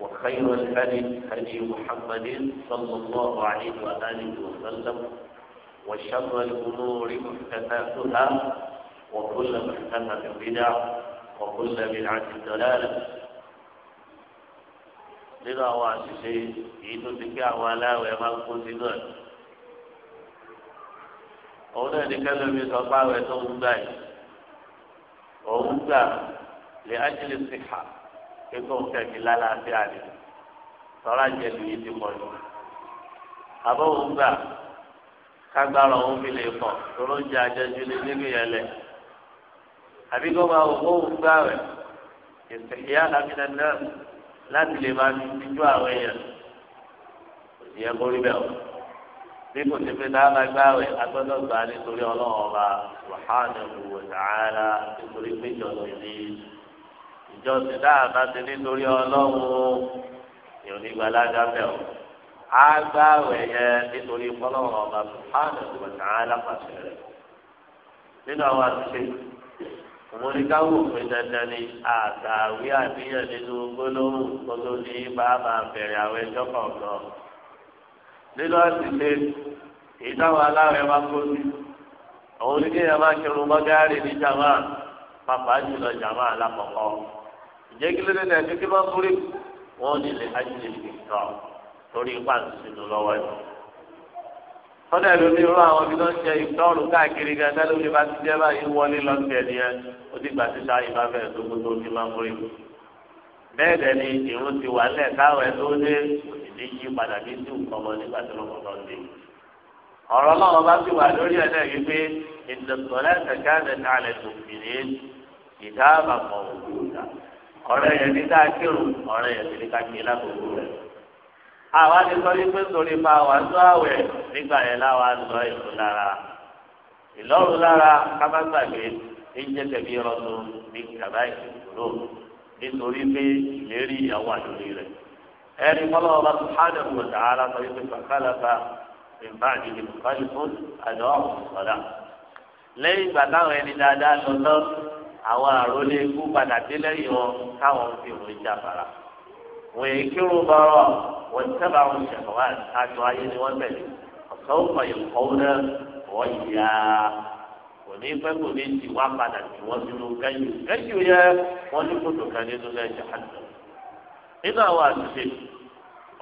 وخير الهدي هدي محمد صلى الله عليه وآله وسلم وشر الأمور محدثاتها وكل محدثة بدعة وكل بدعة ضلالة لذا واسسي عيد الذكاء ولا ويمال قلت أولا نكلم بصفاء ويتوب باي وهم لأجل الصحة kéko kẹ̀mí lálàáfíà ni tọ́lá jẹ̀lú yìí ti pọ̀ jù. àbọ̀wò gbà kágbára òun fi lè pọ̀ tóró ń jẹ ajẹ́jú lé níbi yẹn lẹ̀. àbí kó máa wò ó gbà rẹ̀ ìsìnkìyà lámìnà náà láti lè máa fi tijú àwọn èèyàn ìyẹn borí bẹ́ẹ̀ o bí kò sí pé dáhà máa gbáwé agbọ́dọ̀ gbà nítorí ọlọ́run ọba wàhálà ìwòsàn ààrà nítorí péjọ lòdì ìjọsìn náà bá ti nítorí ọlọ́run èèyàn nígbà lájà bẹ́ẹ̀ o agbáwẹ̀ yẹn nítorí fọlọ́run ọba sùpáàdà tó bá tàn án lápàṣẹ rẹ̀ nínú àwọn àtúnṣe òmùnìkáwò pé dandan ni àtàwé àníyàn nínú gbólóhùn tó tó ní bàbá bẹ̀rẹ̀ àwọn ẹjọ́ kọ̀ọ̀kan nínú àtúnṣe ìdáhùn aláwẹ̀ máa kó sí òun ní kéèyàn máa kírun mọ́gárì ní jàmáà pàápàá jùlọ jàmáà lápapọ̀ ǹjẹ́ kí ló dé náà kékeré bá múrí wọ́n ní lè hajj ìtọ́ torí ipá ìsinmi lọ́wọ́ ẹ̀. ọ̀dà ìlú ní irú àwọn ibi tó ń ṣe ìtọ́rù káàkiri gàdá lórí bá ti jẹ́ báyìí wọlé lọ́sẹ̀ nìyẹn ó ti gbà síta ìbá fẹ́ tó gbogbo ti máa múrí. bẹ́ẹ̀ dẹ̀ ni ìrún ti wà lẹ̀ káwọn ẹ̀ tó dé òsì yí padà bí tí nǹkan mọ nígbà tó lọ́kọ̀ lọ́ ọ̀rọ̀ náà bá ti wà lórí ẹ̀ yìí pé ìdọ̀tọ̀ lẹ́sẹ̀ káàdẹ̀ náà lẹ́sùn fìdí ìdáàbà kan òkúta ọ̀rẹ́ yẹn ní ká kírun ọ̀rẹ́ yẹn ní ká kí lákòókò rẹ̀. àwa ti sọ wípé sórí pa wà tó àwẹ̀ nígbà yẹn láwa lọ ìlú lára ìlọ́rù lára kábàgbàgbé ẹ̀jẹ̀ tẹ̀bí rọ́tún ní kàbá ìṣòro nítorí pé ìlérí ìyàwó àdúrí rẹ̀. ẹni fọlọ́ ọba tó hánà wò sàárà sọ wípé kàkàlàkà ìbá àdìdì kọ́lì fún àdó ọ̀sọ̀dà lẹ́yìn ìgbà táwọn ẹni dáadáa lọ lọ́sùn àwọn àròlé ikú padà dé lẹ́yìn wọn káwọn fi òun jà fara wọn èkérò bọrọ wọn sábà ń ṣẹfọwá àjọ ayé ni wọn tẹlẹ ọsàn òkò ìkọwé náà wọn yà á òní pẹ́ kò ní ti wá padà tí wọ́n ti lu kẹ́yìn kẹ́yìn yẹ wọ́n ní kòtò kan nínú lẹ́yìn àjọ nínú àwọn àtúnṣe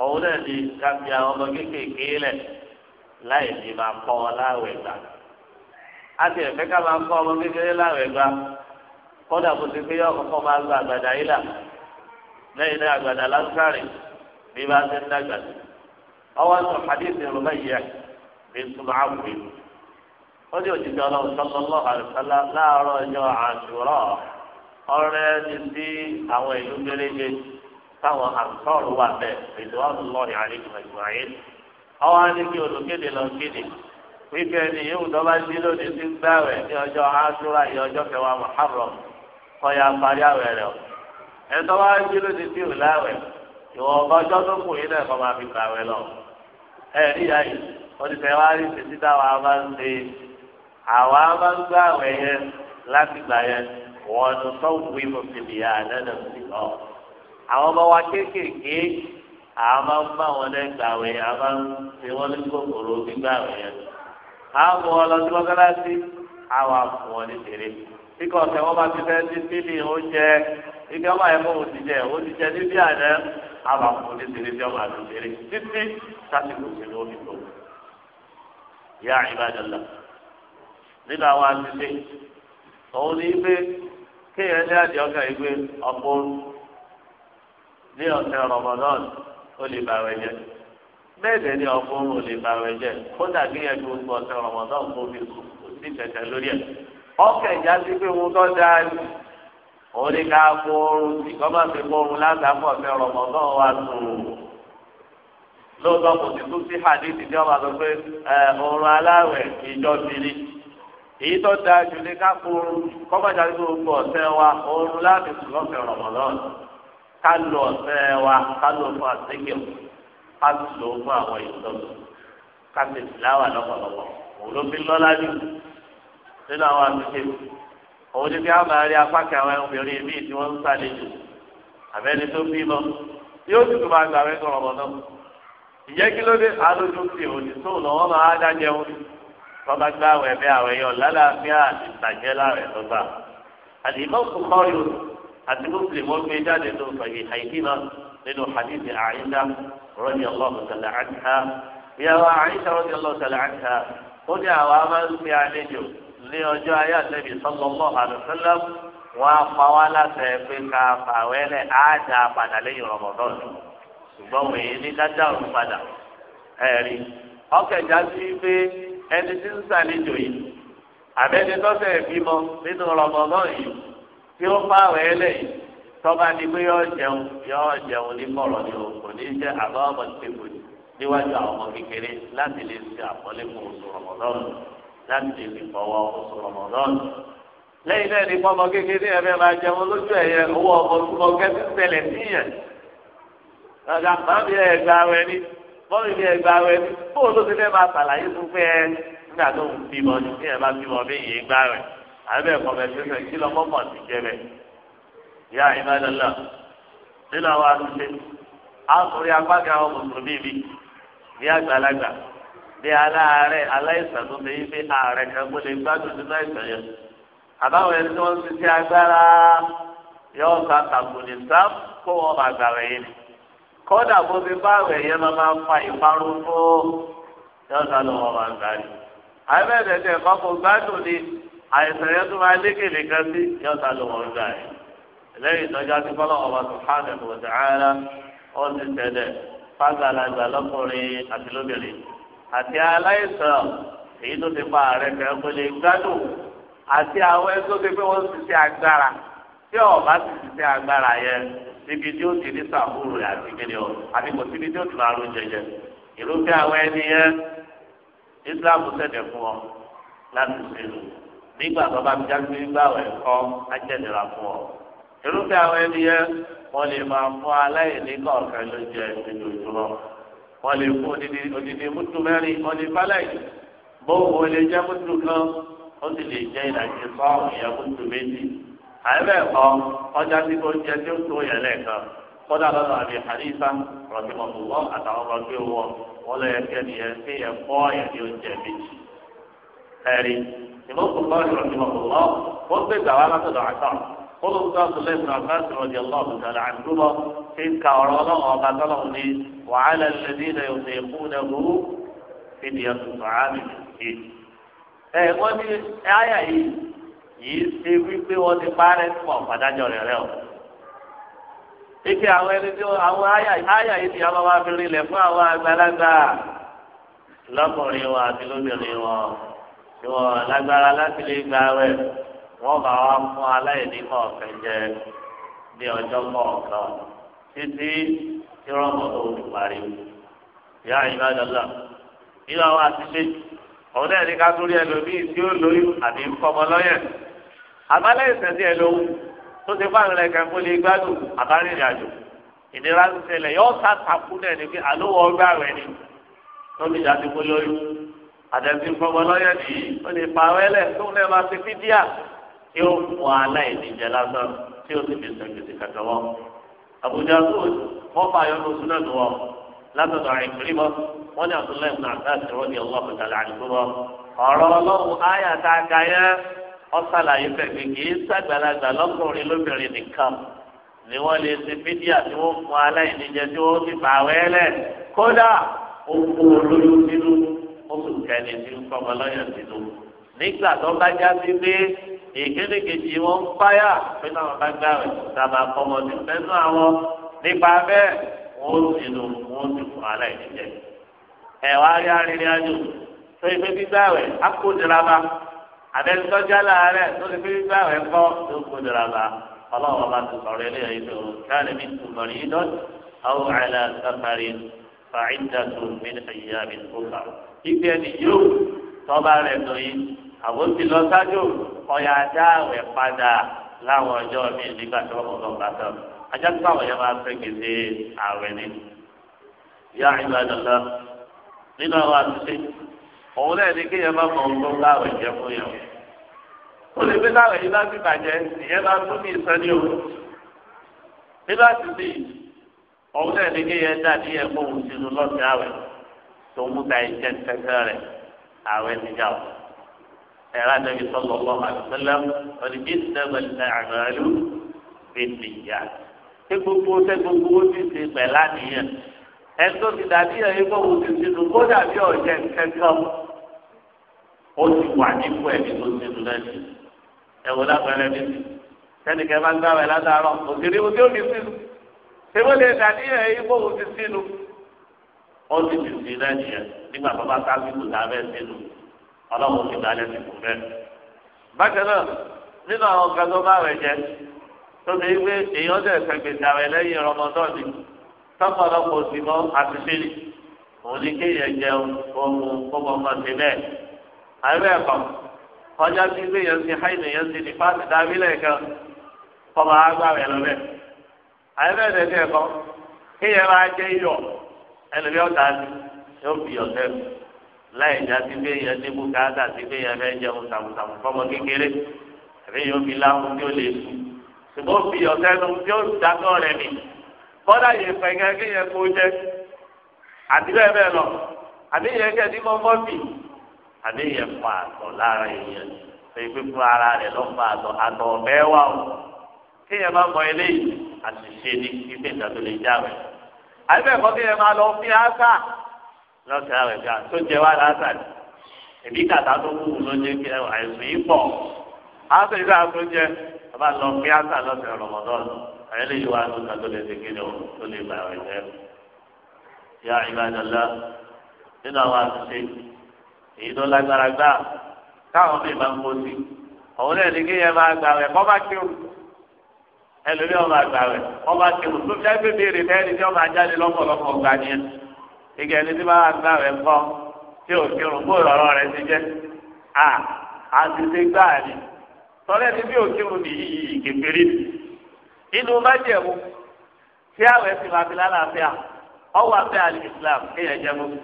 ọ̀hún náà ni kábí àwọn ọmọ kéékèèké lẹ̀ láì ní máa kọ́ ọ láwẹ̀ gbà á ti ẹ̀fẹ́ ká máa kọ́ ọmọ kékeré láwẹ̀ gbà. kọ́dà kò sí pé ọkọ̀ máa gba àgbàdà yìí là lẹ́yìn náà àgbàdà lásìkárì bí bá ti ń dàgbà sí. ọwọ́ sọ hadith yorùbá yìí yẹ bí túmọ̀ àwùjọ yìí. ó ní òjijì ọlọ́run àlùfáà láàárọ̀ ọjọ́ àṣùrọ̀ ti sí àwọn ìlú táwọn àǹtọ́ọ̀rù wà bẹ́ẹ̀ ètò wípé ẹni yóò dọ́bá sí lónìí sí gbáwẹ̀ kọ́ya parí àwẹ̀ rẹ̀ o ẹ̀tọ́ wá jí ló ti tíò láwẹ̀ ìwọ̀n ọba ọjọ́ tó kù yín náà kọ́ máa fi gbàwẹ̀ lọ. ẹ rí ìyá yìí wọ́n ti fẹ́ wá rí títí táwa máa ń ṣe àwa máa ń gbà àwẹ̀ yẹn láti gbà yẹn wọ́n ní sọ́wọ́ ìmọ̀ síbi àdánù sí lọ. àwọn ọmọ wa kéékèèké àwọn máa ń bá wọn náà gbàwẹ̀ àwọn máa ń fi wọ́n ní kòkòrò gbígbàwẹ̀ yẹn. àwọn ọmọ ọlọ́dún kíkọ ọ̀sẹ̀ wọn bá ti fẹ́ sí sílì oúnjẹ ike ọba yẹn fóun ti jẹ òun ti jẹ níbí àná àbàkù ní tèrè bí ọba àti tèrè títí sásìkò sí ni ó fi tó. ìyá ìbàdàlà nínú àwọn àtúnṣe òun ní pé kéèyàn ní àdìẹ ọkàn yìí pé ọ̀pọ̀ ní ọ̀sẹ̀ rọmọdán ó lè bàwẹ̀ jẹ bẹ́ẹ̀ dẹ̀ ni ọ̀pọ̀ ó lè bàwẹ̀ jẹ kódà kéèyàn ní gbogbo ọ̀sẹ̀ rọmọdán kó fi kò sí lórí ẹ̀ ọkẹ ìjà sí pé wọn tó dáa ní òun ní ká kó oorun sí kọ́ máa fi kó oorun látàkọ̀ fẹ́ rọmọdán wa sùn lóòótọ́ kò sí tún sí hadithi tí wọ́n bá sọ pé oorun aláwẹ̀ ìjọ bìrì èyí tó dáa jù ní ká kó oorun kọ́ máa jáde pé gbogbo ọ̀sẹ̀ wa oorun láti sùn lọ́fẹ̀ẹ́ rọmọdán ká lo ọ̀sẹ̀ wa ká lo fún àtẹ́kẹ̀ ká lo fún àwọn ìtọ́jú ká sì lọ́pọ̀lọpọ̀ nínú àwọn àtúnṣe òun ni máa rí apá àwọn obìnrin míì tí ń tó máa gbà náà kí ló dé alójú òní tó máa dá jẹun gbá àwọn àwọn èèyàn lálàáfíà àti tó gbà kọ́rin àti gbé jáde tó náà nínú hadith ọlọ́run tẹ̀lé ìyàwó ọlọ́run tẹ̀lé ó ní àwọn ní ọjọ́ ayé àtẹ̀bí sọ́lọ́mọ́ àdùsọ́lọ́ wọn á pa wá láṣẹ pé ká fàwẹ́lẹ̀ á dá padà lẹ́yìn rọ̀mọ̀dọ́ ṣùgbọ́n wọ́n èyí ní dáadáa òun padà ẹ̀rí ọkẹ̀já sí pé ẹni tí ń sàlejò yìí àbẹ́ni tọ́sẹ̀ bímọ nínú rọ̀mọ̀dọ́ yìí tí ó fàwẹ́lẹ̀ yìí tọ́ba ni pé yọ jẹun yọ jẹun ní kọ̀rọ̀ ni o kò ní jẹ́ àbá ọmọ tẹ̀gbọ̀n níwájú àwọn ọmọ kékeré láti lè ṣe àpọ́nlé fún oṣù rọ̀mọ̀dọ́ láti lè fi fọwọ́ oṣù rọmọdọ́nù. lẹ́yìn náà ní pọ́nmọ kékeré ẹ̀fẹ́ máa jẹun lójú ẹ̀yẹ owó ọkọ̀ túbọ̀ kẹ́sì tẹ̀lẹ̀ níyẹn. ọ̀gá bàbí ẹ̀gbà rẹ ni bọ́ọ̀lù bí ẹ̀gbà rẹ ni bóun ló ti fẹ́ máa ṣàlàyé fún pé ẹ nígbà tó ń bímọ ní kí ẹ bá bímọ bí yìí gbá rẹ àbẹ kọ̀mẹ̀tẹ́sẹ̀ kí lọ bí aláàárẹ̀ aláìsàn tó fi fi ààrẹ kan kó lè gbádùn nínú àìsàn yẹn àbáwọn ẹni tí wọ́n ti ti agbára yóò ta tàbùnì sáp kó wọn bá gbàrà yẹn ni kódà bó ti bá rẹ̀ yẹn máa máa fa ìparun tó yóò ta lọ́wọ́ máa gbàrí àbẹ̀rẹ̀ tẹ̀ kọ́ kó gbádùn ni àìsàn yẹn tó máa lékele kan sí yóò ta ló wọn gbà yìí lẹ́yìn ìtọ́jà fọlọ́ ọba subhanahu wa ta'ala ó ti tẹ̀lé fàgbàlagbà lọ́kùnrin àti lóbìnrin àti aláìsàn èyí tó ti pa ààrẹ kan kò lè gbádùn àti àwọn ẹni tó ti pé wọ́n ti ṣe agbára tí ọba ti ti ṣe agbára yẹn níbi tí ó ti ní sàbúrò àti kíni ọ àti kò síbi tí ó ti máa ro jẹjẹ ìrúfẹ́ àwọn ẹni yẹn Islam sẹ̀dẹ̀ fún ọ láti ṣe lò nígbà tó bá ti já sí gbà wẹ̀ kọ́ ajẹ́nira fún ọ irúfẹ́ àwọn ẹni yẹn wọ́n lè máa fún aláìní kọ̀ọ̀kan ló jẹ ìdòjúmọ́ wọ́n lè fún odidi odidi mútu mẹ́rin wọ́n lè falẹ̀ bóun wọ́n lè jẹ́ mútu kan ó sì lè jẹ́ ìdajì sọ́ọ̀mù yẹn mútu méjì àyẹ̀bẹ̀ kọ́ ọjà tí kò jẹ tí ó tó yẹn lẹ́ẹ̀kan kọ́dà lọ́dọ̀ àbí àdìsá rọ̀tìmọ̀tòwọ́ àtàwọn ọmọ gbé wọ wọ́n lọ yẹ kẹ́ni yẹn sí ẹ̀kọ́ yẹn ní oúnjẹ méjì ẹ̀rí ìmọ̀kùnkọ́ rọ̀tìmọ̀tòwọ́ ó gbé gbàwá látọ̀dọ̀ àtàwọn olùkọ́ abdullahi bin abbas rọ̀dí allahu ta'ala àdúgbò ti ka ọ̀rọ̀ ọlọ́run ọba tọ́lọ́run ní wàhálà lẹ́dí ilẹ̀ òsè kú nẹ́gbó fìdí ẹ̀sùn sàámì ẹ̀. ẹ wọ́n ní àyà wọ́n bá wa fún aláìní kọ̀ọ̀kan jẹ ní ọjọ́ kọ̀ọ̀kan títí tí rọ́mọ̀ tó ti parí. ìyá ìbádọ́lá nínú àwọn àtúnṣe òun náà ní ká tún rí ẹlòmíì tí ó lóyún àbí ń fọmọ lọ́yẹ̀. àbálẹ̀ ìsẹ̀sí ẹ̀ ló tó ti fáwọn ẹ̀kẹ́ fún lè gbádùn àbárìnrìn àjò ìnira ń ṣẹlẹ̀ yọ ọ́ sá takú náà ní pé àlówó ọgbà rẹ̀ ni lórí ìdádìbò lóyún àtẹ̀sí fọmọ lọ́yẹ̀ nìyí ó lè pààrọ̀ ẹlẹ́ tó náà máa ti fídíà tí ó fún aláìní jẹ lásán tí ó sì fi sọ gbèsè kàkà wọn. àbújá tó wọn fà yọ lóṣù náà wọn látọ̀dọ̀ àìkúrímọ́ wọ́n ní àtúnlẹ̀ ní ọ̀rọ̀ ọlọ́run áyà tá a ga yẹ ọ̀sàlàyé pẹ̀lú sàgbàlagbà lọ́kùnrin lóbìnrin nìkan ni wọ́n lè ṣe fídíà tí wọ́n fún aláìní jẹ tí wọ́n ti kódà ó olóyún ìkéde kejì wọn ń fáyà pé táwọn bá gbà rẹ tàbá kọmọdé fẹsọ àwọn nípa bẹ́ẹ̀ wọn ó sì lò wọn ó sì fún aláìníjẹ ẹwà rí arìnrìnàjò tó ife gbígbà rẹ akóderaba àbẹnudọjà láàárẹ tó ife gbígbà rẹ kọ tó kóderaba ọlọ́run bá ti sọ̀rọ̀ ilé yìí tó káàdì mi tó mọ̀rí yìí dọ́tí àwọn àìlà sàkàrí fàáyìntà tó mi ní mi tó kà. ìgbẹ́ yóò tọ́ba rẹ̀ lóyún àbòsí lọ sájú ọ̀yà dáwẹ̀ padà láwọn ọjọ́ mi nígbà tí wọ́n kọ́ bá tán ajá tó àwọn yẹn máa fẹ́ gbèsè ààrẹ ni. ìyá ìlú àdàlà nínú àwọn àtúnṣe òun náà ní kéèyàn bá mọ ohun tó láwẹ̀ jẹ fún yẹn o lè fi láwẹ̀ yìí láti bàjẹ́ ìyẹn bá tún ní ìsọ́ni o nígbà tí sì òun náà ní kéèyàn dà ní ẹ̀kọ́ òun sínú lọ́sẹ̀ àwẹ̀ tó mú ta iṣẹ́ tẹ́tẹ́ rẹ̀ àwẹ̀ níjà o ẹ̀rá nàbí sọ̀lọ̀ lọ́wọ́ àdùsọ́lá ọ̀dìjì sẹ́gbẹ̀lẹ́ àmàlú ènìyà ṣé gbogbo ṣé gbogbo ó ti ṣe pẹ̀lá nìyẹn ẹ̀tọ́ ti dàbí ẹ̀yìn kó wọ́n ti sinú kó dàbí ọ̀jẹ̀ kẹ́kọ̀ọ́ ó ti wà nípò ẹ̀mí tó sinú lẹ́nu ẹ̀wọ̀n lápẹ̀rẹ̀ mi sẹ́nìkẹ́ máa ń gbà wẹ̀ látàárọ̀ òṣèré wo tí ó fi sinú ṣé wọ́n lè dàbí ẹ̀yìn kó wọ́n ti sinú ó ti ti sinú lẹ́nu ọlọ́run ti dalẹ̀ ti kù bẹ́ẹ̀. bákan náà nínú àwọn kan tó bá rẹ̀ jẹ tó ti gbé èèyàn tẹ̀ fẹ̀gbẹ̀ dàrẹ̀ lẹ́yìn rọmọdọ́ọ̀dì tọ́pọ̀lọpọ̀ sí mọ́ àtúnṣe ni òun ni kéèyàn jẹun ohun gbogbo ọmọ sí bẹ́ẹ̀. àìwé ẹ̀kọ́ kọjá sí ilé yẹn sí háìnì yẹn sí nípa ti dábí lẹ́ẹ̀kan kọ́mọ agbára lọ bẹ́ẹ̀. àìwé ẹ̀dẹ̀ẹ̀kọ́ kéèyàn máa jẹ iyọ̀ ẹlòmíọ̀ta yóò fi iyọ̀ sẹ́nu láì já sí pé yẹn ní bùkátà sí pé yẹn fẹ́ jẹun sàmùsàmù fọmọ kékeré àbí yóò fi láhùn tí ó lè sùn ṣùgbọ́n fi ọ̀sẹ̀ nu tí ó dákọ́ rẹ̀ nì bọ́dà yẹn fẹ́ kẹ́ kí yẹn kó jẹ àti bẹ́ẹ̀ bẹ́ẹ̀ lọ àbí yẹn kẹ́ ní mọ́mọ́ bì àbí yẹn fa àtọ̀ lára yẹn èyí fífún ara rẹ̀ lọ́ fa àtọ̀ àtọ̀ bẹ́ẹ̀ wà o kí yẹn má mọ eléyìí àṣìṣe ní kí lọ́sẹ̀ àwẹ̀ gbà tó jẹ wá lásàdì èmi kàtà tó kú ló jẹ kí àìsàn yìí pọ̀ àṣẹ ìgbà tó jẹ bàbá lọ fi àṣà lọ́sẹ̀ rọmọdọ́ọ̀nù àyẹ̀ lè yí wá ló ta tó lè ṣe kéde òun tó lè gbà àwẹ̀ jẹ. ya ìbàdàlá nínú àwọn àṣìṣe èyí tó lágbára gbà káwọn mi máa ń kó sí òun náà ní kí yẹn máa gbà wẹ̀ kọ́ bá kírun ẹlòmíràn máa gbà wẹ̀ kọ́ bá kírun tó fẹ́ bèbèrè fẹ́ẹ́ ìgbà ẹni tí bá gbà rẹ kọ tí ò kírun bó ìrọ̀rọ̀ rẹ ti jẹ́ à àtúnṣe gbáà ni sọlẹ́ ni bí ò kírun nìyí ìkẹfẹ́rí ni inú májẹ̀mú tí àwọn ẹ̀sìn máa fi lálàáfíà ọwọ́ afẹ́ àlè Islam kéèyàn jẹ́ mọ́tò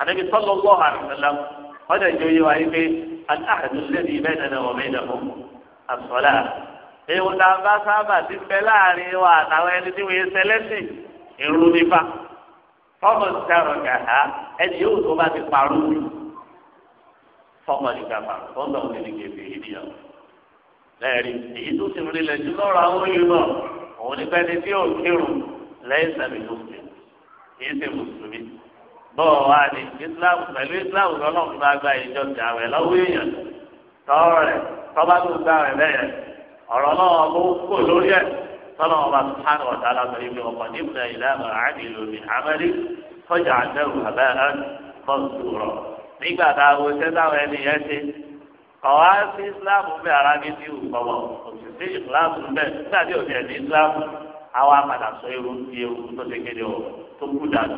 àdébí sọ́lọ́ lọ́wọ́ àdìsẹ́lám ọjà ìjọ yìí wáyé pé aláàdù lẹ́bi bẹ́ẹ̀dẹ̀dẹ̀ wọ̀ bẹ́ẹ̀dẹ̀mú àsọ̀lá èèwọ̀n tá a bá sábà ti fẹ́ láàrin wa àtàwọn ẹni tí wọ́n yẹ sẹ́lẹ́sì ìrù fọmọ sáró gàá ẹni yóò tó bá ti parọ́ mi fọmọ nígbà parọ́ fọmọ òun ní kébé ènìyàn lẹ́ẹ̀rí èyí tó ti rí lẹ́jú lọ́rọ̀ àwọn yìí náà òun ní pẹ́ni tí yóò kírun lẹ́yìn sàmì tó fi kìí ṣe mùsùlùmí bọ́ọ̀ wá ní islam pẹ̀lú islam lọ́lọ́run bá gba ìjọ ti àwẹ̀ lọ́wọ́ èèyàn tọ́ rẹ̀ tọ́ bá tó gba rẹ̀ bẹ́ẹ̀ ọ̀rọ̀ náà kò lórí ẹ̀. فلما الله سبحانه وتعالى قريب وقدمنا إلى ما عملوا من عمل فجعلناه هباء منثورا nígbà tá a wo iṣẹ́ táwọn ènìyàn ṣe ọ̀wá sí islam bẹ́ẹ̀ ara mi ti wù pọ̀wọ̀ òṣìṣẹ́ islam bẹ́ẹ̀ nígbà tí òṣìṣẹ́ ní islam àwa padà sọ ewu ti ewu tó ṣe kéde ọ̀ tó kú dànù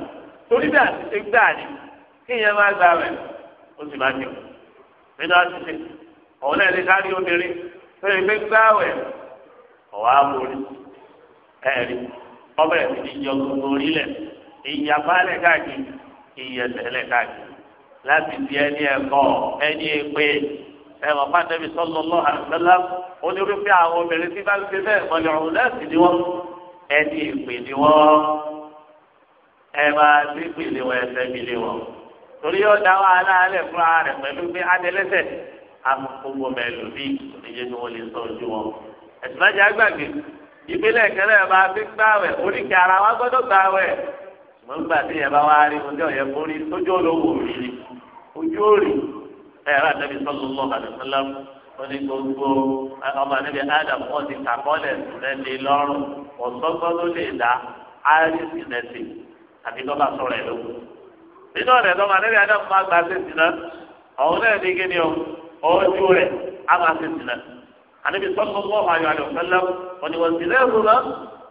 torí bí àṣìṣe gbà ní kí ìyẹn máa gbà rẹ̀ ó sì máa jẹun nínú àṣìṣe ọ̀hún ẹ̀ ní ká ní obìnrin tó yẹ pé gbà rẹ̀ ọ̀wá mórí ẹ̀rí ọbẹ̀ ìjọ gbogbo orílẹ̀ ìyàbálẹ̀ káàkiri ìyẹ̀sẹ̀lẹ̀ káàkiri láti di ẹni ẹ̀kọ́ ẹni èpè ẹ̀wọ̀n pàtẹ́bí sọ́lọ́lọ́ àgbẹ̀lá onírúfẹ́ àwọn obìnrin tí bá ń ṣe bẹ́ẹ̀ mọ́lẹ̀ ọ̀hún lẹ́sìn ni wọ́n ẹni èpè ni wọ́n ẹ máa dípì lé wọn ẹsẹ̀ mi lé wọn torí yóò dá wa aláàlẹ̀ fúnra rẹ̀ pẹ̀lú pé adẹ́lẹ́sẹ̀ amọ̀kógbó mẹ́lòmíì ìyẹn ni wọ́n lè sọ ojú wọn ẹ̀sìn ìpínlẹ̀ kẹlẹ́ bá fi gbàwẹ̀ oríkì ara wa gbọ́dọ̀ gbàwẹ̀ ṣùgbọ́n gbà tí yẹn bá wá rí mo jẹ́ òye kórí tójú olówó rí ni ojú òrì ẹ̀rọ àtẹ́bí sọ́lọ́lọ́ àdùnsọ́lá wọ́n ní gbogbo ọmọ níbi adam wọ́n ti kàkọ́lẹ̀ lẹ́ni lọ́rùn ọ̀sọ́gbọ́n ló lè dá áyẹ́sì nẹ́sì àti lọ́ba sọ̀rọ̀ ẹ̀ lóko nínú ọ̀rẹ́ lọ́mọ níbi adam máa gbà sí ìsìn náà ọ̀hún náà ní kíni o ojú rẹ̀ á máa sí ìsìn náà àdébí sọ́kọ́ bọ́ ayọ̀ àlọ́ fẹ́lẹ́ ọ̀nìwọ̀n sílẹ̀ ìrora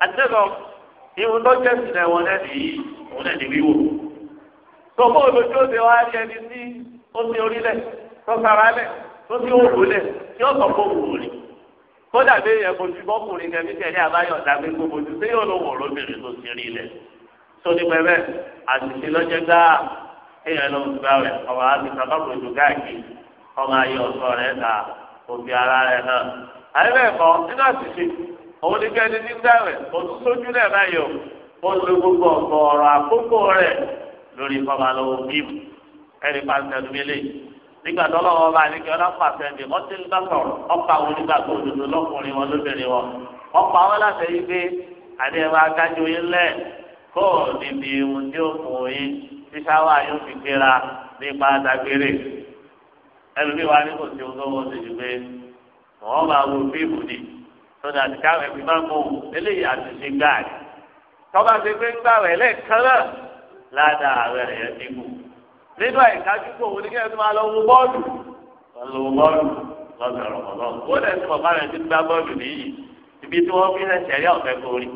àtẹ́gọ̀ ìwọ̀n tó jẹ́ sílẹ̀ wọn lẹ́nu yìí òun lẹ́nu wíwò. tó bó olójú òde wa rí ẹni tí ó ti orílẹ̀ tó sara lẹ̀ tó ti òwò lẹ̀ tí ó sọ fún òwò rẹ̀. kódà bí ẹ bojú bọ́kùnrin kẹmí tẹ̀lé àbáyọ̀ dàgbé kó bojú sí yóò ló wọ̀ lóbìnrin tó ti rí lẹ̀. tó ní pẹ́pẹ́ àṣìṣe lọ́jẹ́ gbáà èèyàn ló ń gbà rẹ̀ ọmọ àti sábà kò ara rẹ̀ hàn àyẹ̀bẹ̀kọ nínú àṣìṣe òun ní kẹ́ni nígbà rẹ̀ òun sójú rẹ̀ báyìí o ó lo gbogbo ọ̀pọ̀ ọ̀rọ̀ àkókò rẹ̀ lórí kọ́malówó bíbù ẹni pàṣẹ lùmílẹ̀ nígbà tó lọ́wọ́ bá ní kí ọlọ́pàá sẹ́ni ọtí ń bá sọ̀rọ̀ ọ̀pá àwọn onígbàgbọ́ òdodo lọ́kùnrin wọn lóbìnrin wọn ọ̀pá wọn láti yí pé àdé ẹ̀ máa gájú yín lẹ̀ kó níbi ìhun tí ó kù yín tíṣáwá yóò fi gbéra nípa dàgbére ẹlòmíì wa ní kò sí ohun tó wọ́n ti ju pé wọ́n máa wo fíìmù ni lọ́dọ̀ àti káwé fi máa mú eléyìí àti ṣe gbáàdì tọ́ba ti gbé gbàwẹ̀ lẹ́ẹ̀kan náà ládàá àwẹ̀ rẹ̀ yẹn dínkù nínú àìkájú kò wọ́n ní kí ẹ tó máa lọ wo bọ́ọ̀lù lọ wo bọ́ọ̀lù lọ́sẹ̀ rọ̀mọ̀lọ́n ó lẹ̀ ti bàbá rẹ̀ ti gbá bọ́ọ̀lù nìyí ibi tí wọ́n fi ẹsẹ̀ rí ọ̀fẹ́ kórì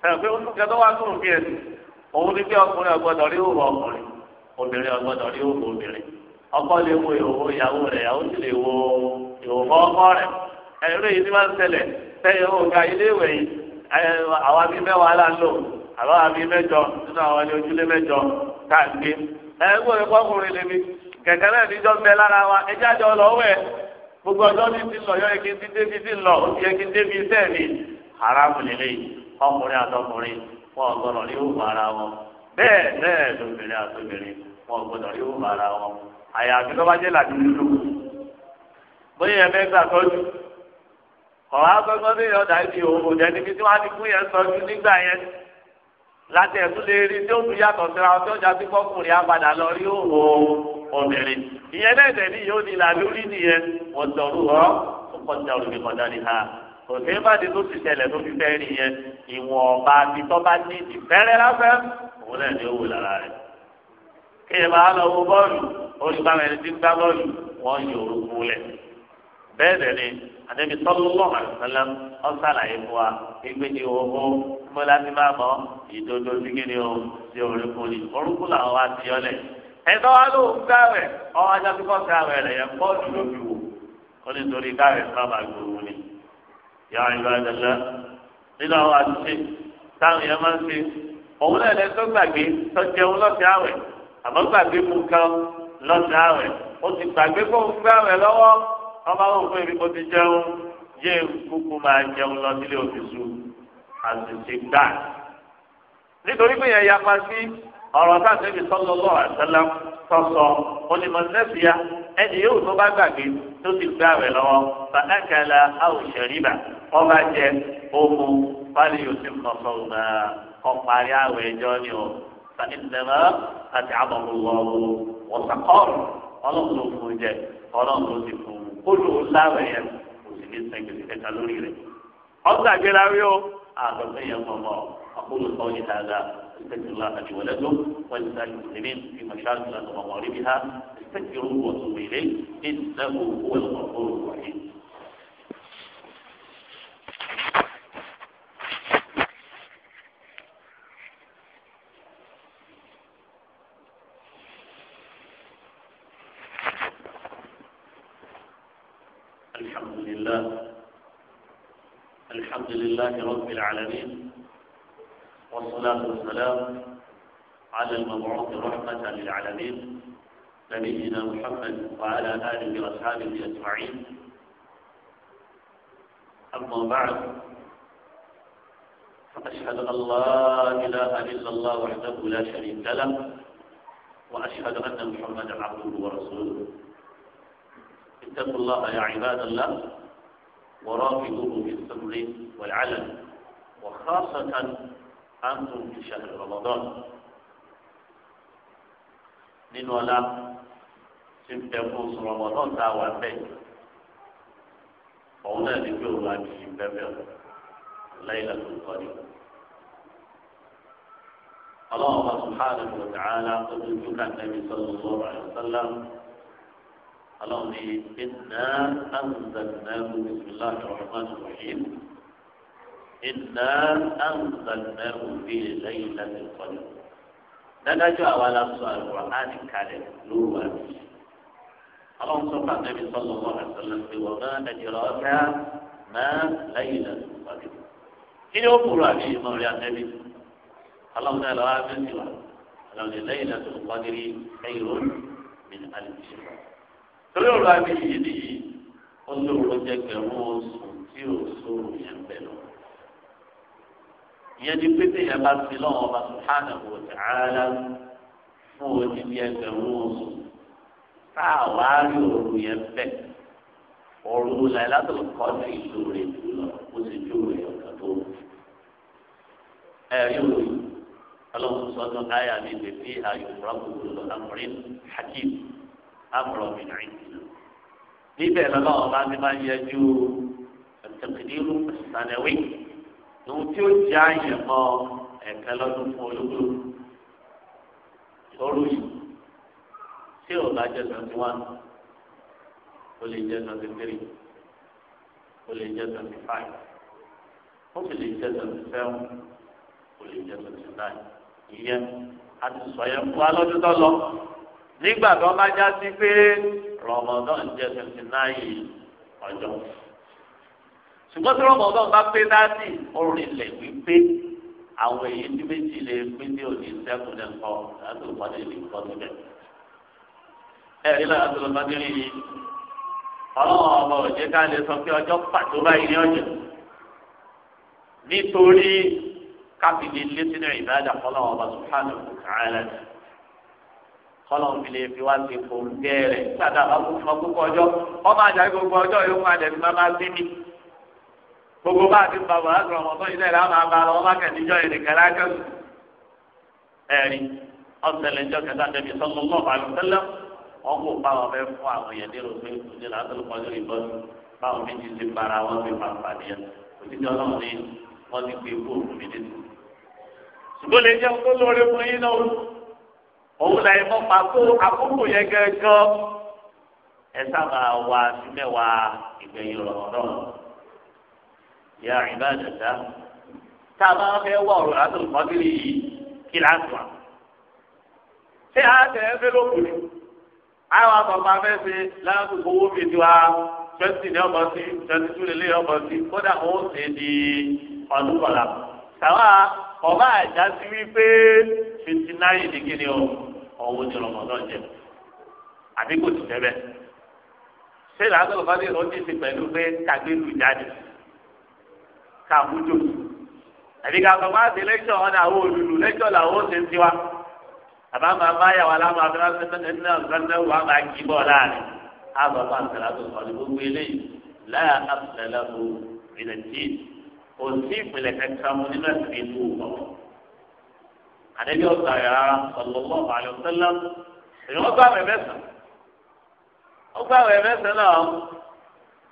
fẹ́ràn ọkọ lè wo ìhòòhò ìyàwó rẹ̀ ìyàwó sì lè wo ìhòòhò ọkọ rẹ ẹ̀rọ yìí ti máa tẹlẹ ṣẹlẹ̀ sẹ́yìn òǹkà iléèwé yìí àwọn abí mẹ́wàá là ń lò àwọn abí mẹ́jọ nínú àwọn ẹni ojúlé káàkiri ọkùnrin lèmi náà ń bẹ lára wa àjọ gbogbo ti lọ yọ ekin ti débi ti lọ ó ti ekin débi mi haramu ọkùnrin àtọkùnrin wọn ara wọn lóbìnrin wọn ara wọn àyàfi tó bá jẹ́ làdí dúdú bóyá ẹ fẹ́ gbà tọ́jú ọ̀rọ̀ agbẹ́gbẹ́ ní ọ̀dà ibi òwò jẹ́ni bí tí wọ́n á ti fún yẹn sọ́jú nígbà yẹn láti ẹ̀tún lè rí tí ó fi yàtọ̀ síra ọtí ọjà tí kọkùnrin apadà lọ rí òwò obìnrin ìyẹn náà tẹ̀lé yóò ní ìlànà orí nìyẹn wọ́n tọ̀rù ọ́ ó kọ́ ti ọ̀rùn mi kọjá ní ha kò sí ìbàdí tó ti ṣẹlẹ̀ tó fi fẹ́ rí yẹn ìwọ̀n ọba àti tọ́ba ní ìfẹ́rẹ́ láfẹ́ òun náà ní owó lára rẹ̀ kí ẹ máa lọ wo bọ́ọ̀lù orí bá ẹni tí ń gbá bọ́ọ̀lù wọ́n yọ orúkú lẹ̀ bẹ́ẹ̀ dẹ̀ ni àdébí sallallahu alaihi wasallam ọ́ sàlàyé fún wa gbígbé ní owó mọ́lá ti máa mọ́ ìdodo sí kí ni o ti orúkú ni orúkú làwọn wá ti yọlẹ̀ ẹ̀tọ́ wa ló ń gbàwẹ̀ ọwọ́ ajá tó kọ́ sí rẹ̀ yẹn bọ́ọ̀lù ló fi wò ó ní torí káwẹ̀ sábà gbòòrò ni yà á yọ ẹ̀dẹ̀lẹ̀ nínú àwọn àtúnṣe táwọn yẹn máa ń ṣe òun náà lẹ́tọ́ gbàgbé tọ́jú ẹun lọ́sẹ̀ lọ́sàn-án àwẹ̀ ó ti gbàgbé kó ń gbé àwẹ̀ lọ́wọ́ ọba wọn fún ibi kó ti jẹun yé kúkú máa jẹun lọ sílé òfìsù àṣìṣe gbà. nítorí pé yẹn yapa sí ọ̀rọ̀ sáfẹ́ mi sọ́dọ̀ lọ́wọ́ àtẹ́lá sọ́sọ́ onímọ̀tẹ́sì ya ẹni yóò tó bá gbàgbé tó ti gbé àwẹ̀ lọ́wọ́ fàdákàlà àwòṣẹ̀ríbà ọba jẹ ọmọ fáli yóò ti mọ̀ ọ̀parí àwẹ̀ ẹjọ́ ni ọ̀ fàdínlẹ́mọ́ àti àbọ̀mọ̀ wọ̀ọ̀wọ̀ wọ́sàkọ́ọ̀rù ọlọ́run ló fún un jẹ ọlọ́run ló ti fún un kó ló láwẹ̀ yẹn kò sì ní sẹ́gbẹ̀sì kẹta lórí rẹ̀. ọ̀sà gbéra rí o àgbẹ̀fẹ́ yẹn mọ̀ mọ́ أقول قولي هذا استغفر الله لي ولكم ولسائر المسلمين في مشاكل ومغاربها استغفروه وتوبوا إليه إنه هو الغفور الرحيم لله رب العالمين والصلاة والسلام على المبعوث رحمة للعالمين نبينا محمد وعلى آله وأصحابه أجمعين أما بعد فأشهد أن لا إله إلا الله وحده لا شريك له وأشهد أن محمدا عبده ورسوله اتقوا الله يا عباد الله ورافقوه بالصبر والعلم وخاصة أنتم في شهر رمضان nínú ọlá tí ń bẹ fún oṣù rọmọdún tá a wà bẹ́ẹ̀ òun náà ní pé òun àti ìbẹ̀bẹ̀ lẹ́yìn lẹ́tọ̀ tó ní. ọlọ́run bá sùn hàn ní ọ̀tá ààlà tó dúdú ká nẹ́bí sọ́dún sọ́dún àìsàn lánàá. اللهم إنا أنزلناه بسم الله الرحمن الرحيم إنا أنزلناه في ليلة القدر dájú àwa la sọ àlùkùránì kalẹ̀ lóru àti àwọn sọfà nàbí sọlọ wọn àtàlà pé wọn máa nàìjíríà ọkà máa lẹ́yìn náà lùpàdé kí ni ó kúrò àbí ìmọ̀ rí àtẹ́bí aláwọn náà lọ́wọ́ abẹ́sí wa aláwọn lẹ́yìn náà lùpàdé rí ẹ̀yìn rọ́ọ̀lù mi ní alẹ́ ti ṣe wọn torí ọ̀rọ̀ àmì yìí nìyí ó ní òun ló jẹ́ pẹ̀lú oṣù tí ò sóòrò yẹn pẹ̀lú. ìyẹn ni pété yẹn bá ti lọ́wọ́ ọba subhanahu wa ta'ala fún odidi ẹgbẹ̀rún oṣù tá a wá rí òru yẹn bẹ̀. òru làìlátòlù kọ́ ní ìlú rẹ̀ jùlọ ó sì ju rẹ̀ ọ̀gá tó wù. ẹ̀rí òru ọlọ́run sọ́dún káyà mi lè fi àyè ìfúrákùn lọ́dún àmọ́rí hakim amúrọ̀ mi náà yìí. níbẹ̀ lọ́lọ́ ọba mi máa ń yẹjú ẹ̀tẹ̀kìdírú ṣàlẹ̀wé ohun tí ó jẹ́ àyè mọ́ ẹ̀kẹ́ lọ́dún fún ológbò lórí tí ò bá jẹ́ twenty one ó lè jẹ́ twenty three ó lè jẹ́ twenty five ó sì lè jẹ́ twenty seven ó lè jẹ́ twenty nine ìyẹn a ti sọ yẹn fún alọ́dún tó lọ nígbà tó bá já sí pé rọmọdán jẹ twenty nine ọjọ́ ṣùgbọ́n tí rọmọdán bá pé dáàtì orin lè wípé àwọn èyí tí méjì lè pín ní òní sẹ́kùn lè kọ́ láti ìpàdé lè kọ́ níbẹ̀. ẹ̀rí lára tó lọ bá dé rí yìí ọlọ́wọ́n ọmọ òjẹ́ ká lè sọ pé ọjọ́ pàtó báyìí ní ọjọ́ nítorí káfíńdé létí náà ìbáradà fọlọ́wọ́n ọba sùpánù kàálẹ̀ kọlọ̀ ń file fi wá sí kò ń gẹ́ rẹ̀ gbàdá ọkùnrin ọkùnkọ ọjọ́ ọmọ àjà gbogbo ọjọ́ yóò máa dẹ̀ nígbà máa sinmi gbogbo bá a ti fa bọ̀ láti ọmọ tó yìí lẹ́yìn láwọn àbá lọ ọmọ akẹ́nijọ́ ìrìnkẹ́ lákẹ́ ẹ̀rí ọ̀sẹ̀lẹ̀ ìjọ kẹta tẹ̀mí sọ́kùn lọ́ọ̀bà lọ́sẹ̀lẹ̀ wọn kò bá wọn fẹ́ fún àwọn yẹn ní rògbé ní látọ̀lùkọ́jọ́ òun náà ẹ̀fọ́ pàtó àkókò yẹn gẹ́gẹ́ ẹ sábà wá sí mẹ́wàá ìgbẹ̀yìn rọ̀rọ̀ yà ìbá dàda tá a bá fẹ́ wá ọ̀rọ̀ látò mọ́tìrì yìí kí láti wà. ṣé a tẹ̀ ẹ́ fẹ́ lókun ni àwọn àgbàgbà fẹ́ ṣe láti owó mi ti wá twenty ní ọmọ sí twenty two lélẹ́yìn ọmọ sí kódà ó ṣe di ọdún kọlà. sàwọn ọba àjá sí wípé fifty nine ní kíni owó ní rọmọdán jẹ àbí kò sì tẹ́lẹ̀ ṣé làásùn bá lè rọ́ọ̀dì sí pẹ̀lú pé kàgbélú jáde kàmújò àbí kàkọ́ máa ti lẹ́kṣọ̀ ọ̀nà àwọn òlùlù lẹ́kṣọ̀ làwọn ó ṣe ń tiwa àbá máa bá yà wà láwọn abẹ́rẹ́ sẹ́ńtẹ́ náà àdébí ọ̀sán rẹ̀ rárá ọ̀lọ́lọ́ àlẹ́ òṣèlú èyí wọ́n gbà wẹ̀ mẹ́sàn wọ́n gbà wẹ̀ mẹ́sàn náà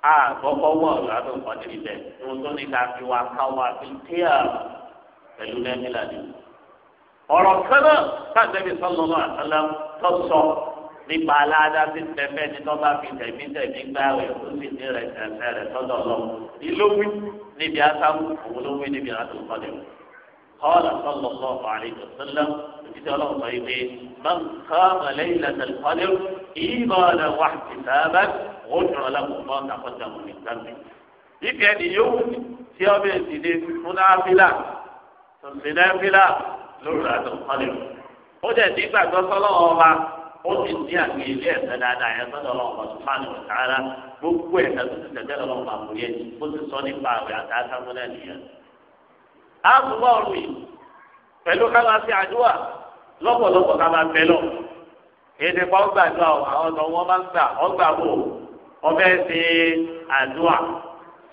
a gbọ́kọ́ wọ̀ lọ́dọ̀ ọ̀dẹ ibẹ̀ ohun tó ní ká fi wá ká wá fi tíyà pẹ̀lú lẹ́mí làdí. ọ̀rọ̀ kẹ́lẹ́ káàdébí sọ́lọ́lọ́ àtàlẹ́ tó sọ nípa aláàdá sí pẹpẹ ní tó bá fi tẹ̀mí tẹ̀mí gbá rẹ̀ tó sì ní rẹ̀ tẹ̀sẹ̀ rẹ̀ tọ́jọ́ lọ. ìlówí níbi asáwù òun lówí níbi àtúntò قال صلى الله عليه وسلم قال الله من قام ليلة القدر إيمانا واحتسابا غفر له ما تقدم من ذنبه ibi ẹni yóò tí ọmọ ìdílé fúnáfílà tòsínáfílà lórí àtọkọlẹ ó dẹ ti gbàgbọ́ sọlọ ọba ó sì ní àgbè ilé ẹsẹ dáadáa yẹn sọ́dọ̀ ọlọpàá sùpánù ọtara gbogbo ẹsẹ tó ti tẹjẹ lọlọpàá kò yẹ kó ti sọ nípa àwẹ àtàkùn náà nìyẹn. àbúgbà ọ̀rùn yìí pẹ̀lú ká sí àdúrà lọ́pọ̀lọpọ̀ ká bẹ̀ lọ. èdè kan gbàdúrà àwọn ọ̀dọ́ wọn ń gbà ọgbà bò ṣe àdúrà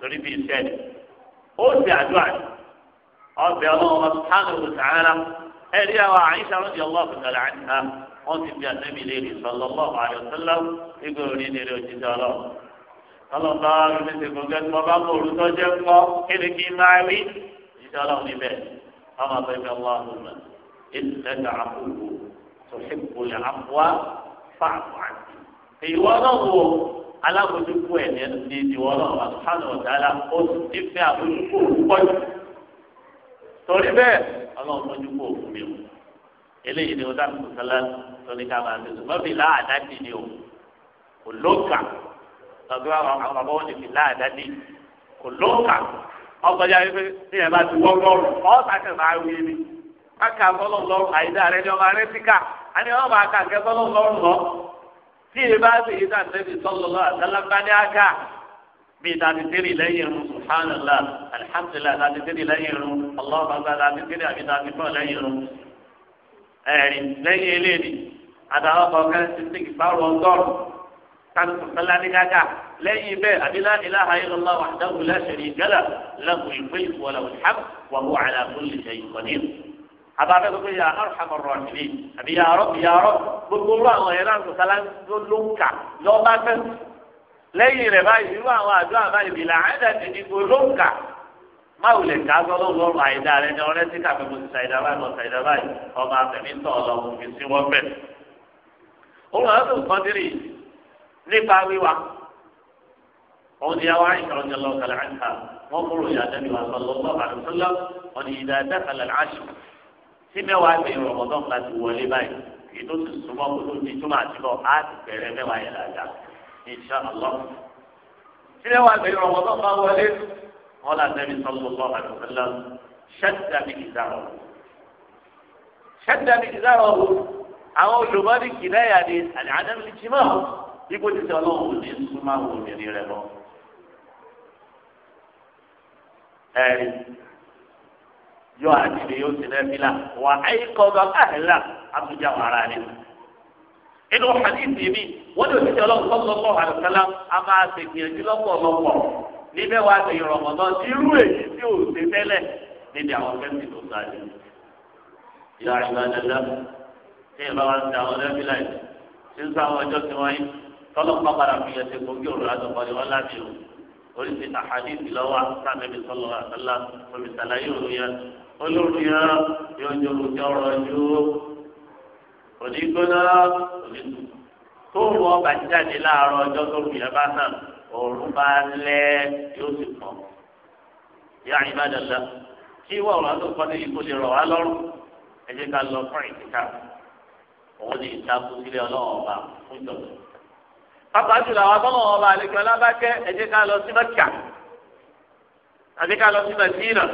torí bíi iṣẹ́ ni ó ṣe àdúrà ni ọbẹ̀ sàárà àwọn àyíṣà wọ́n ti fi àtẹ́bí léèrè sọlọ́lọ́ọ̀fù àyọ̀sọ́lá nígbà orí nílé òjijì ọlọ́ọ̀fù ọlọ́ọ̀fù bá wà lóṣèlú gẹ́gẹ́ bá mọ̀ òrùtọ́jẹ́ ńkọ́ kí n òṣìṣẹ́ ọlọ́run níbẹ̀ ọmọ bẹ́ẹ̀ bẹ́ẹ̀ wá ọmọ ìlẹ́gà àkókò tó ṣe kúlẹ̀ àbúwá fáàfù àti. ìwọ náà wò alábòjúkú ẹ̀ ní ìwọ náà wà sánà ọ̀dàlà ó sì ti fẹ́ àbójúkú pọ̀jù. torí bẹ́ẹ̀ ọlọ́run bójúkú òkú mi o eléyìí ni ọ̀dà kùsàlá tóní ká máa tẹ̀sán mọ́bí láàdá ni o kò lóka lọ́gbẹ́ àwọn àbáwọ́ ni ọkọjá yìí pé ní ẹ̀ bá ti wọ́n lọ́rùn ọ̀sà kẹ̀ máa wí ni káka fọlọ́ lọ́rùn àyídá rẹ ni ọmọ rẹ ti kà á ní ọmọ àká kẹ fọlọ́ lọ́rùn lọ. tí ì bá sì yí sàn tẹ́bi sọ́lọ́ lọ́wọ́ àtàlámbá ní àká bí tàbí tẹ́rì lẹ́yìn irun subhanallah alhamdulilah tàbí tẹ́rì lẹ́yìn irun ọlọ́run bàbá tàbí tẹ́rì àbí tàbí tọ́ lẹ́yìn irun. ẹ̀rìn lẹ́yìn tani sọ̀tẹ́lá ní gágá lẹ́yìn bẹ́ẹ̀ abilá ilaha illallah wahdahu la sharika lahu lahu al-mulku wa lahu al-hamdu wa huwa ala kulli shay'in qadir. àbáfẹ́ gbogbo yà arhamar rahimin àbí yà Rabbi yà Rabbi gbogbo ru àwọn ẹ̀rọ àtúntàlá ló ń kà lọ́ọ́ bá fẹ́. lẹ́yìn rẹ̀ báyìí irú àwọn àdó àbáyé bìlà àádá ti di gbogbo ń kà máa wulẹ̀ ká gbọ́dọ̀ lọ́rùn àìdá rẹ̀ ní ọ̀rẹ́ tí kàfẹ́ mo ti ṣàìdá báyìí mo ṣàìdá báyìí ọba àfẹ́mí tọ̀ ọ̀lọ́ òfin sí wọ́n bẹ̀. òun àti nípa wíwá òun ni àwọn àìsàn ọ̀jọ̀ lọ kàlà àìsà wọn kúrò ní àdébí wa sọ lọ́wọ́ àdúgbò wọn ni ìdá ẹ̀dá kàlà àṣù tí mẹ́wàá gbé rọ̀mọ́tọ́ ńlá ti wọlé báyìí èyí tó ti kó tó di túmọ̀ àtibọ̀ á ti bẹ̀rẹ̀ mẹ́wàá yẹn dáadáa insha allah tí mẹ́wàá gbé rọ̀mọ́tọ́ ńlá wọlé wọn là àdébí sọ lọ́wọ́ àdúgbò ṣẹ́dá mi ìzárọ̀ ṣẹ́dá mi ìzárọ̀ àwọn olùmọ́ni kìlẹ̀ yà ni àdàmì jìmọ̀ ipò títí ọlọ́run ní súnmọ́ àwọn obìnrin rẹ lọ. ẹ̀rí yọ àdìrí yóò ti lẹ́bílà wà áyíkọ́dọ̀ àhẹ́là àtúnjà wàrà ni. inú hadithi mi wọ́n ní òtítí ọlọ́run sallallahu alaihi wasallam a máa ṣe gbìyànjú lọ́pọ̀lọpọ̀ níbẹ̀ wàá ṣe ìrọ̀mọ̀dọ́ irú èyí tí ò ṣe tẹ́lẹ̀ níbi àwọn fẹ́ǹsì tó ṣáájú. ìyá àgbà dandan tí ìbáwá ń àwọn lẹ́bílà yìí ti ń ọjọ́ tí wọ́n yìí tọ́lọ́pàá padà fi ẹsẹ̀ gbòógì òru àtọ̀kọ́ni wọn láti o oríṣi àhàdìsì lọ́wọ́ sábẹ́bí sọ́lọ́ àtàlá olùsàlàyé òru yẹn olórí yẹn yóò jẹ olùjẹ ọrọ̀ ju onígbóná onídùú tó wọ ọba jáde láàárọ̀ ọjọ́ tó fi ẹ bá sàn òru bá lẹ́ yóò sì pọ̀ yá ìbádàlá kí wọ́n ọ̀rọ̀ àtọ̀kọ́ni yìí kò lè rọ̀ wá lọ́rùn ẹ jẹ́ ká lọ fún ìtìká òun ni ìtakùn sílẹ̀ ọlọ́wọ́ ọba fún ìjọba pàápàá jùlọ àwọn tọ́lọ̀ ọba àlejò alábàákẹ́ ẹ jẹ́ ká lọ sí mẹ́kà àti ká lọ sí mẹ́sìnà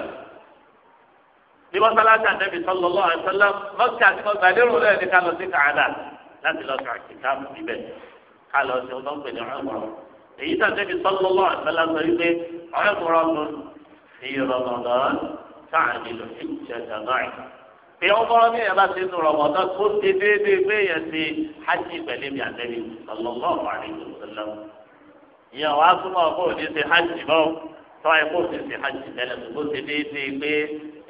bí wọ́n sálásí àtẹ́bí sọ́lọ́ lọ́wọ́ àtẹ́lá mẹ́kà tí wọ́n gbàdérò rẹ̀ ní ká lọ sí kàádà láti lọ sí àkìtà síbẹ̀ ká lọ sí ọdún pẹ̀lú ọ̀rọ̀ èyí sàtẹ́bí sọ́lọ́ lọ́wọ́ àtẹ́lá sọ wípé ọ̀rẹ́ kúrọ́ èèyàn bọ́rọ̀ bí èèyàn bá ti nu rọ̀mọ́tọ́ tó ti déédéé pé èèyàn ti hajj pẹ̀lú mi àtẹ́bí sallallahu alaihi wasallam. ìyẹn wàá túmọ̀ kó o ní ti hajj bọ́ tọ́ ẹ kó o ti ti hajj tẹ́lẹ̀ tó ti déédéé pé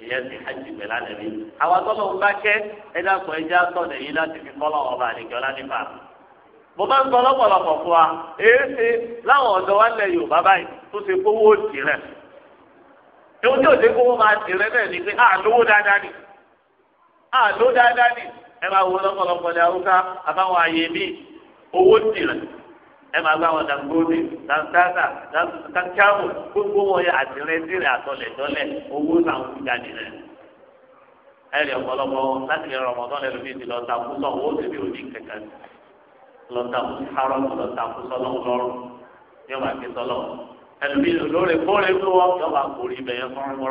èèyàn ti hajj pẹ̀lú àtẹ́bí. àwọn tọ́lọ̀ ń bá kẹ́ ẹ dàpọ̀ ẹ já sọ̀dọ̀ yìí láti fi kọ́lọ̀ ọba àdìgọ́lá nípa. mo máa ń sọ lọ́pọ̀lọpọ̀ fún wa èéṣe láwọn ọ̀dọ́ àló ah, dáadáa ni ẹ máa wo lọ́pọ̀lọpọ̀ ní arúgbá àbáwọn àyè mí owó tìrẹ̀ ẹ máa gbá wọn dàgbóni dàgbàdà dàgbàkàmù gbogbo wọn yẹ àtìrẹ tìrẹ̀ àtọ̀lẹ̀tọ̀lẹ̀ owó làwọn fi jáde rẹ̀ ẹ lè ọ̀pọ̀lọpọ̀ láti lè rọ̀mọ̀tán lẹ́nu bíi ti lọ́ta kú sọ owó tèmi ò ní kẹ̀kẹ́ lọ́tàkù sárọ́mù lọ́tàkù sọ́lọ́mù lọ́rùn yóò máa fi sọ́lọ́mù ẹlòmíì lórí kórè fún wọn yóò máa kórè ibẹ̀ yẹn fún ọmọ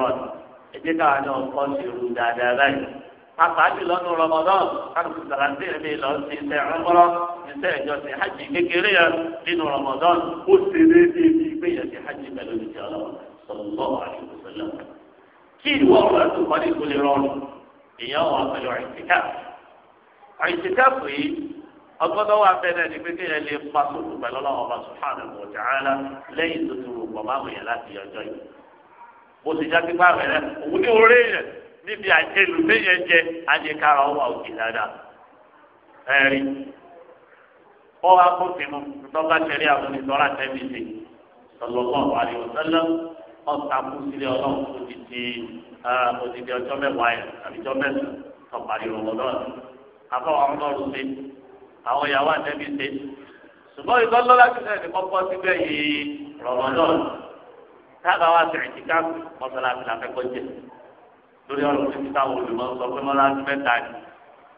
ẹ jẹ́ káwọn náà kọ́ sí pàápàá jùlọ nù rọmọdán kálukú sàlàndé mi lọ sí iṣẹ ọmọrọ iṣẹ ìjọsìn hajj kékeré yẹn nínú rọmọdán ó ṣe déédéé bí ìgbéyàwó hajj pẹ̀lú ìjọ sọlọ àdìgbò sọlọ kí ìwọ ọ̀rọ̀ tó kọ́ ní ìpínlẹ̀ rọrùn èèyàn wà pẹ̀lú àìsíkà àìsíkà pé ọgbọ́dọ̀ wà bẹ́ẹ̀ ní pé kéèyàn lè pa sóòtù pẹ̀lú ọlọ́run ọba subhanahu wa ta'ala lẹ́yìn tó ti láti ọjọ́ yìí níbi àjẹlù téèyàn jẹ àjẹkára ọwọ́ òkè dáadáa ẹ̀rí ọwọ́ akófinmu ntọ́ba tẹ̀lé àwọn ìtọ́ra tẹ̀lé ṣe sallallahu alaihi wasallam ọ̀sà kùsìlẹ̀ ọlọ́run tó ti di odidi ọjọ́ mẹ́wàá yẹn àbíjọ́ mẹ́sàn-án tọ̀parí ọmọdọ́ọ̀nù àbọ̀wọ̀ ọmọdọ́ọ̀nù ṣe àwọn ìyàwó àtẹ́bí ṣe ṣùgbọ́n ìtọ́lọ́lá kìsẹ́ ní kọ́kọ́ síbẹ̀ yìí rọ̀mọdọ́ọ̀nù táàbà wa sẹ̀rẹ̀ kíkà mọ́sálásí làfẹ́kọ́ jẹ́ lórí ọ̀rọ̀ pé kí táwọn olùmọ̀ sọ pé mọ́sálásí mẹ́ta ni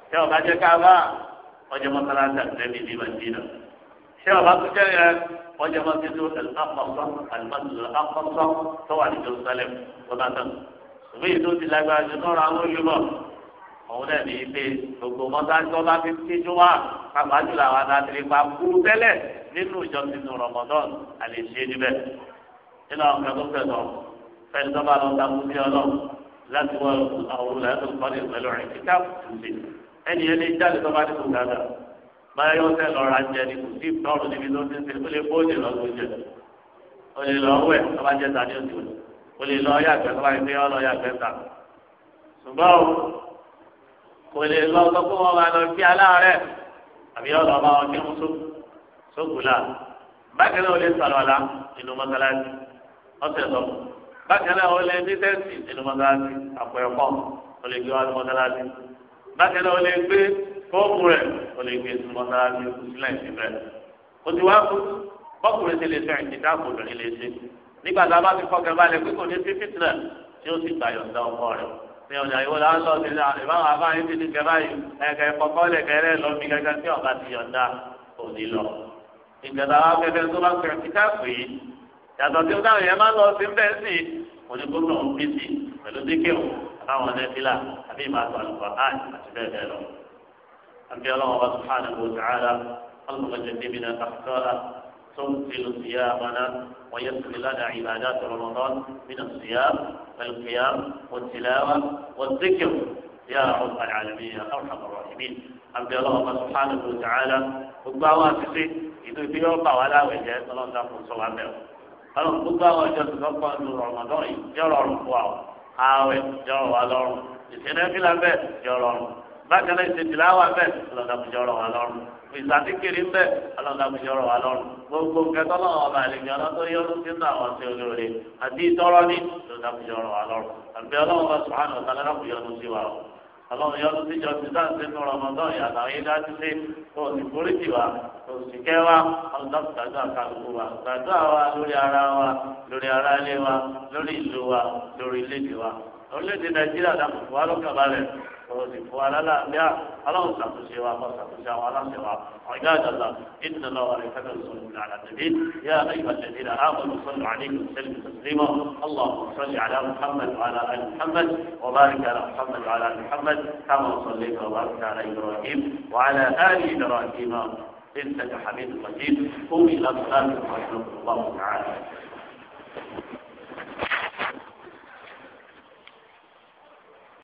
ṣé ọba jẹ́ káàbà ọjọ́ mọ́sálásí àtẹ́bí ní madina ṣé ọba tó jẹ́ yẹn ọjọ́ mọ́sálásí alákọ̀ọ́sọ́ alimọ́sálásí alákọ̀ọ́sọ́ tó wà ní jerusalem tó bá tán òwe yìí tó ti lágbára ju lọ́rọ̀ àwọn olùmọ̀ òun náà ní pé gbogbo mọ́sálásí ọba fi kéjú wá pàápàá jùlọ àwọn adájọ́ pa kúrú tẹ́lẹ̀ nínú ìjọsìn rọmọdọ́n àlè ṣe níbẹ̀ nínú àwọn kan tó fẹ̀ lọ fẹ́ẹ́ láti wọ àwọn olùdarí tó ń pẹ̀lú rẹ̀ kíkà kùsì ẹni ẹni jáde tó bá dìbò dáadáa báyọ̀ yóò tẹ̀ lọ́ra jẹ ní kùsì tọ́rù níbi tó ti ń ṣe ó lè bóde lọ́gbọ̀ jẹ ó lè lọ wẹ̀ tó bá jẹ tàbí òsì wẹ̀ ó lè lọ yàgbẹ́ tó bá yẹ pé ọ lọ ta ṣùgbọ́n kò lè lọ sọ pé wọ́n máa lọ kí aláàárẹ̀ àbí ọ̀dọ̀ ọba wọn kí wọ́n sókùlà bákan náà ó lè sọ̀rọ̀ ọ̀sẹ̀ sọ̀rọ̀ bákan náà ó lè ní tẹ́sí nínú mọ́sálásí àpò ẹ̀kọ́ ó lè gbé wá sí mọ́sálásí bákan náà ó lè gbé fóònù rẹ̀ ó lè gbé sínú mọ́sálásí sílẹ̀ síbẹ̀ ó ti wá kú bọ́kùnrin ti lè fẹ́ ìdáàbò obìnrin lè ṣe nígbà tá a bá ti fọkàn balẹ̀ pé kò ní sí fìtìnà tí ó sì gbàyọ̀ ǹda ọmọ rẹ̀ ní ọjà ìwọ là ń lọ sí ilé ìbáwọn abáyé ti di kẹfà yìí ẹ̀kẹ́ kọ̀kọ́ lẹ̀ kẹ́rẹ́ lọ bí gẹ́gẹ́ tí ọ̀gá ti yọ̀ǹda òní lọ. ìgbàdàwọ̀ afẹ́fẹ́ tó bá pẹ̀lú kíkà pé yàtọ̀ tí ó dáhùn yẹn máa lọ sí ń bẹ́ẹ̀ sí onígbóná òbí sí pẹ̀lú díkẹ́wò àbáwọn ẹ̀fílà àbí ìmàtọ̀ àlùfà áì àti bẹ́ẹ̀ bẹ́ẹ̀ lọ. àbí ọlọ́run ọba subhanahu wa ta'ala ọlọ́run ọjọ́ níbi náà tàkùtọ́ra tó ń tilu síyá amana wọ́n yẹ kiri lánàá ìbàdà Ramadan nínú síyá pẹ̀lú kíyá wọ́n tìláwà wọ́n díkẹ́wò يا رب العالمين يا ارحم الراحمين àbí ọlọ́wọ́ subhanahu wa ọlọ́run gbogbo àwọn ọjọ́ tó kọ́kọ́ ń lu rọ̀mọ́dọ́n yìí jọ̀rọ̀ ọ̀run fún wa ààwẹ̀ jọ̀rọ̀ wa lọ́rùn ìṣẹ̀lẹ̀fìlà bẹ́ẹ̀ jọ̀rọ̀ ọ̀run bákan náà ìṣèjìlá wa bẹ́ẹ̀ ọlọ́dàbùjọ́rọ̀ wa lọ́rùn ìsàdíkiri bẹ́ẹ̀ ọlọ́dàbùjọ́rọ̀ wa lọ́rùn gbogbo kẹtọ́ náà ọba àlejò ọlọ́tọ́ yọrù sínú àwọn tí olóore àti ìtọ́rọ́ ní ọlọ́dàbùjọ́rọ̀ wa lọ́rùn àbí ọlọ́run sùn àná ọ̀tàlẹ́dàbùjọ́rọ̀ ọlọ́run yọ ọdún síjọ sí sáǹsì nínú rọmọdọ́ ìyàtọ̀ ayé dájú sí kò sì forí tì wá kò sì kẹ́ wá ọlọ́run gbàdúrà kálukú wa gbàdúrà wa lórí ara wa lórí ara ilé wa lórí ìlú wa lórí iléèdè wa orílẹ̀-èdè nàìjíríà dàpọ̀ wà lọ́kàn balẹ̀. فوزي فوالا لا لا اللهم صل سوى وصل سوى اللهم سوى عباد الله ان الله وملائكته يصلون على النبي يا ايها الذين امنوا صلوا عليه وسلموا تسليما اللهم صل على محمد وعلى ال محمد وبارك على محمد وعلى ال محمد كما صليت وباركت على ابراهيم وعلى ال ابراهيم انك حميد مجيد قم الى صلاتك ورحمه الله تعالى